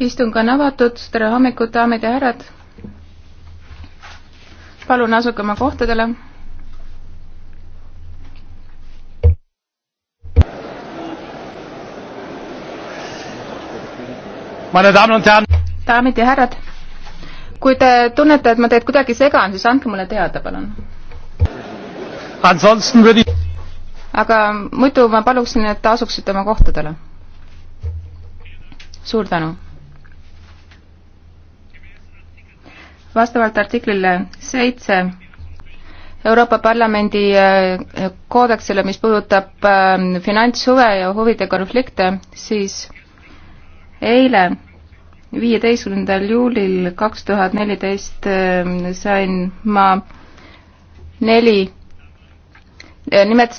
istung on avatud, tere hommikut, daamid ja härrad. palun asuge oma kohtadele. daamid ja härrad, kui te tunnete, et ma teid kuidagi segan, siis andke mulle teada, palun. aga muidu ma paluksin, et te asuksite oma kohtadele suur tänu! vastavalt artiklile seitse Euroopa Parlamendi eh, koodeksile, mis puudutab eh, finantshuve ja huvide konflikte, siis eile, viieteistkümnendal juulil kaks tuhat neliteist eh, sain ma neli, nimetasin